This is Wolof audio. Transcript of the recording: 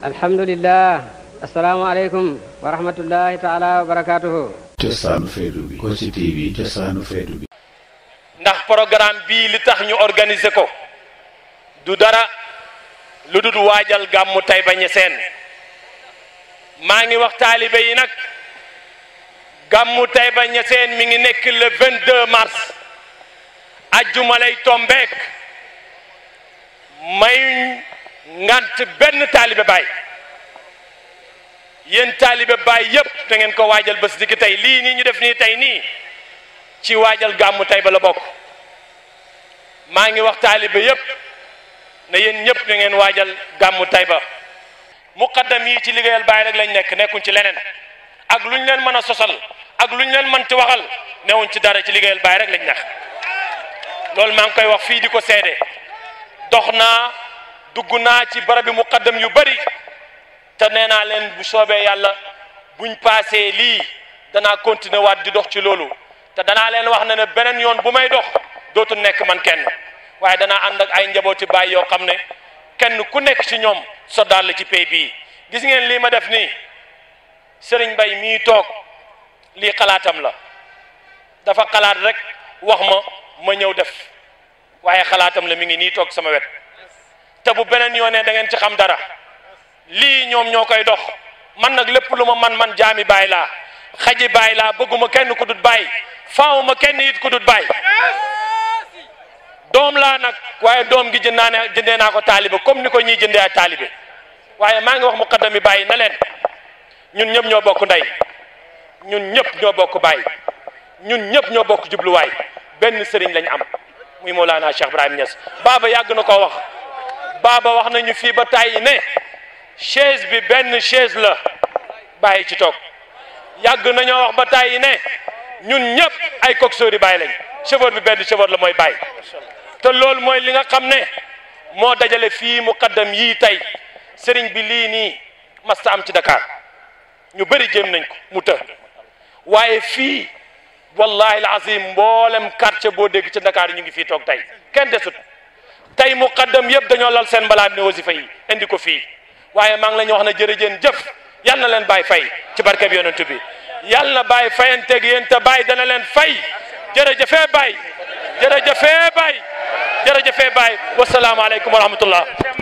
alhamdulillah asalaamaaleykum wa ndax programme bii li tax ñu organisé ko du dara lu dul waajal gàmmu Taïba Niassène maa ngi wax taalibe yi nag gàmmu Taïba Niassène mi ngi nekk le mars ajjuma lay tombeek may ngant benn taalibe baay yéen taalibe baay yëpp da ngeen ko waajal bés di ki tey lii nii ñu def nii tey nii ci waajal gàmmu tey ba la bokk maa ngi wax taalibe yépp ne yéen ñëpp da ngeen waajal gàmmu tey ba mu muqaddam yi ci liggéeyal baay rek lañ nekk nekkuñ ci leneen ak luñ leen mën a sosal ak luñ leen mën ci waxal newuñ ci dara ci liggéeyal baay rek lañ nekk loolu maa ngi koy wax fii di ko seede dox dugg naa ci barabi muqaddam yu bëri te nee naa leen bu soobee yàlla buñ paasee lii danaa continuer waat di dox ci loolu te danaa leen wax ne ne beneen yoon bu may dox dootul nekk man kenn waaye danaa ànd ak ay njabooti baay yoo xam kenn ku nekk ci ñoom soldat la ci pays bii gis ngeen lii ma def nii Serigne Mbaye mii toog lii xalaatam la dafa xalaat rek wax ma ma ñëw def waaye xalaatam la mi ngi nii toog sama wet te bu beneen yoonee da ngeen ci xam dara lii ñoom ñoo koy dox man nag lépp lu ma man man jaami baay laa xaji baay laa bëgguma kenn ku dut baay ma kenn it ku dut baay doom laa nag waaye doom gi jëndaa ne jëndee naa ko taalibe comme ni ko ñiy jëndee ay taalibe waaye maa ngi wax muqaddam yi bàyyi na leen ñun ñëpp ñoo bokk ndey ñun ñëpp ñoo bokk bàyyi ñun ñëpp ñoo bokk jubluwaay benn sëriñ lañu am muy Mawlana Cheikh Ibrahim Niass baaba yàgg na koo wax baba wax nañu fi ba tay ne chaise bi ben chaise la bàyyi ci tok yag nañu wax ba tay ne ñun ñep ay coxori yi lañ chauffeur bi ben chauffeur la moy bàyyi te lool moy li nga xamne mo dajale fi muqaddam yi tay serign bi ni ma sa am ci Dakar ñu bari jëm nañ ko mu të waye fi wallahi alazim mboolem quartier bo deg ci Dakar ñu ngi fi tok tay ken desut tey muqaddam yëpp dañoo lal seen mbalaam ne wasifa yi indi ko fii waaye maa ngi la ñu wax ne jërëjeen jëf yal na leen baay fay ci barkeb yonent bi yal na bàyyi fayanteeg yéen te bàyyi dana leen fay jërëjëfee bàyyi jërëjëfee bàyyi jërëjëfee bàyyi wasalaamualeykum wa rahmatullah